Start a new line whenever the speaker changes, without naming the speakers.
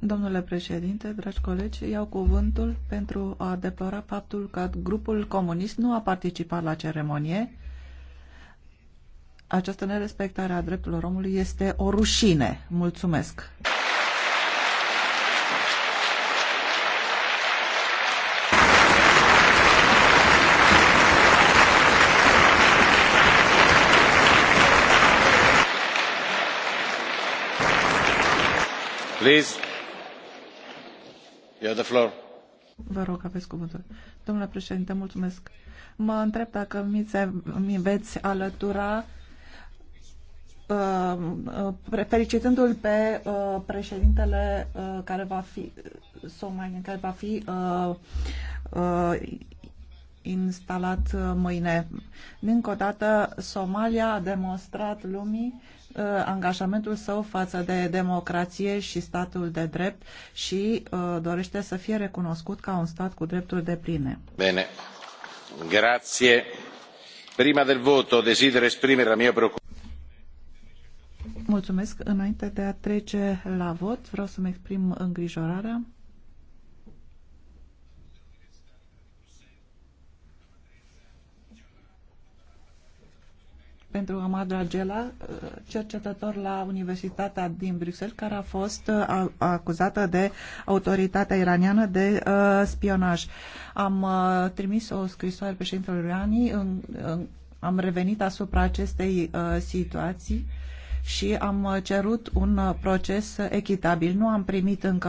Domnule președinte, dragi colegi, iau cuvântul pentru a deplora faptul că grupul comunist nu a participat la ceremonie. Această nerespectare a drepturilor omului este o rușine. Mulțumesc! Vă rog, Domnule președinte, mulțumesc. Mă întreb dacă mi, se, mi veți alătura uh, uh, felicitându-l pe uh, președintele care va fi, mai care va fi uh, uh, instalat uh, mâine. Încă o dată, Somalia a demonstrat lumii uh, angajamentul său față de democrație și statul de drept și uh, dorește să fie recunoscut ca un stat cu drepturi de pline.
Bine. Grație. Prima del voto desidero esprimere la mia preocupare.
Mulțumesc. Înainte de a trece la vot, vreau să-mi exprim îngrijorarea pentru Amad Dragela, uh, cercetător la Universitatea din Bruxelles, care a fost uh, acuzată de autoritatea iraniană de uh, spionaj. Am trimis o scrisoare președintelui Rani, am revenit asupra acestei situații și am cerut un proces echitabil. Nu am primit încă